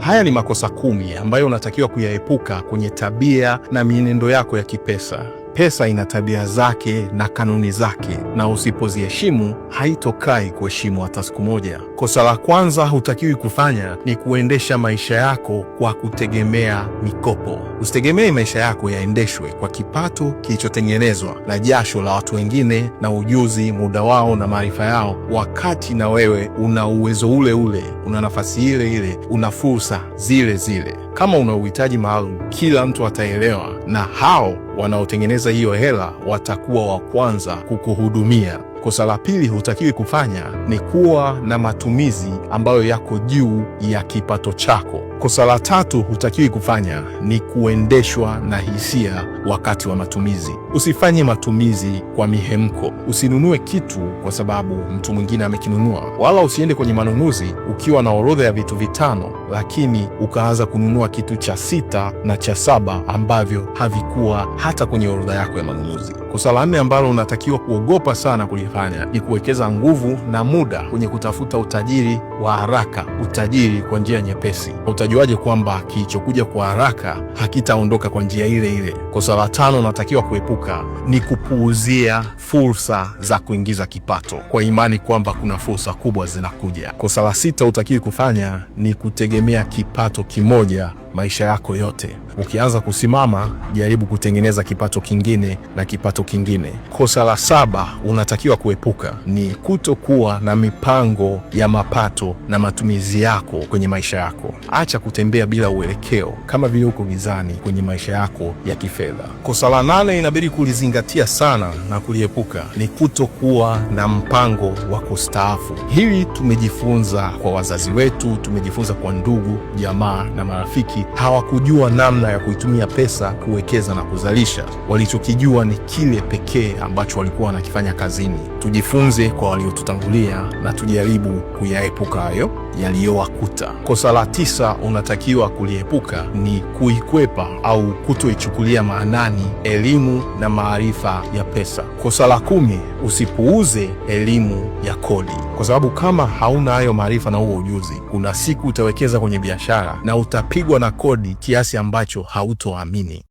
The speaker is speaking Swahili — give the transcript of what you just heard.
Haya ni makosa kumi ambayo unatakiwa kuyaepuka kwenye tabia na mienendo yako ya kipesa. Pesa ina tabia zake na kanuni zake, na usipoziheshimu haitokai kuheshimu hata siku moja. Kosa la kwanza hutakiwi kufanya ni kuendesha maisha yako kwa kutegemea mikopo. Usitegemee maisha yako yaendeshwe kwa kipato kilichotengenezwa na jasho la watu wengine na ujuzi, muda wao na maarifa yao, wakati na wewe una uwezo ule ule, una nafasi ile ile, una fursa zile zile. Kama una uhitaji maalum, kila mtu ataelewa na hao wanaotengeneza hiyo hela watakuwa wa kwanza kukuhudumia. Kosa la pili hutakiwi kufanya ni kuwa na matumizi ambayo yako juu ya kipato chako. Kosa la tatu hutakiwi kufanya ni kuendeshwa na hisia wakati wa matumizi. Usifanye matumizi kwa mihemko. Usinunue kitu kwa sababu mtu mwingine amekinunua, wala usiende kwenye manunuzi ukiwa na orodha ya vitu vitano, lakini ukaanza kununua kitu cha sita na cha saba ambavyo havikuwa hata kwenye orodha yako ya manunuzi. Kosa la nne ambalo unatakiwa kuogopa sana kulifanya kufanya ni kuwekeza nguvu na muda kwenye kutafuta utajiri wa haraka, utajiri kwa njia nyepesi. Utajuaje kwamba kilichokuja kwa haraka hakitaondoka kwa njia ile ile? Kosa la tano natakiwa kuepuka ni kupuuzia fursa za kuingiza kipato kwa imani kwamba kuna fursa kubwa zinakuja. Kosa la sita utakiwi kufanya ni kutegemea kipato kimoja maisha yako yote. Ukianza kusimama, jaribu kutengeneza kipato kingine na kipato kingine. Kosa la saba unatakiwa kuepuka ni kutokuwa na mipango ya mapato na matumizi yako kwenye maisha yako. Acha kutembea bila uelekeo, kama vile uko gizani kwenye maisha yako ya kifedha. Kosa la nane inabidi kulizingatia sana na kuliepuka ni kutokuwa na mpango wa kustaafu. Hili tumejifunza kwa wazazi wetu, tumejifunza kwa ndugu, jamaa na marafiki hawakujua namna ya kuitumia pesa kuwekeza na kuzalisha. Walichokijua ni kile pekee ambacho walikuwa wanakifanya kazini. Tujifunze kwa waliotutangulia na tujaribu kuyaepuka hayo yaliyowakuta. Kosa la tisa unatakiwa kuliepuka ni kuikwepa au kutoichukulia maanani elimu na maarifa ya pesa. Kosa la kumi, usipuuze elimu ya kodi, kwa sababu kama hauna hayo maarifa na huo ujuzi, kuna siku utawekeza kwenye biashara na utapigwa na kodi kiasi ambacho hautoamini.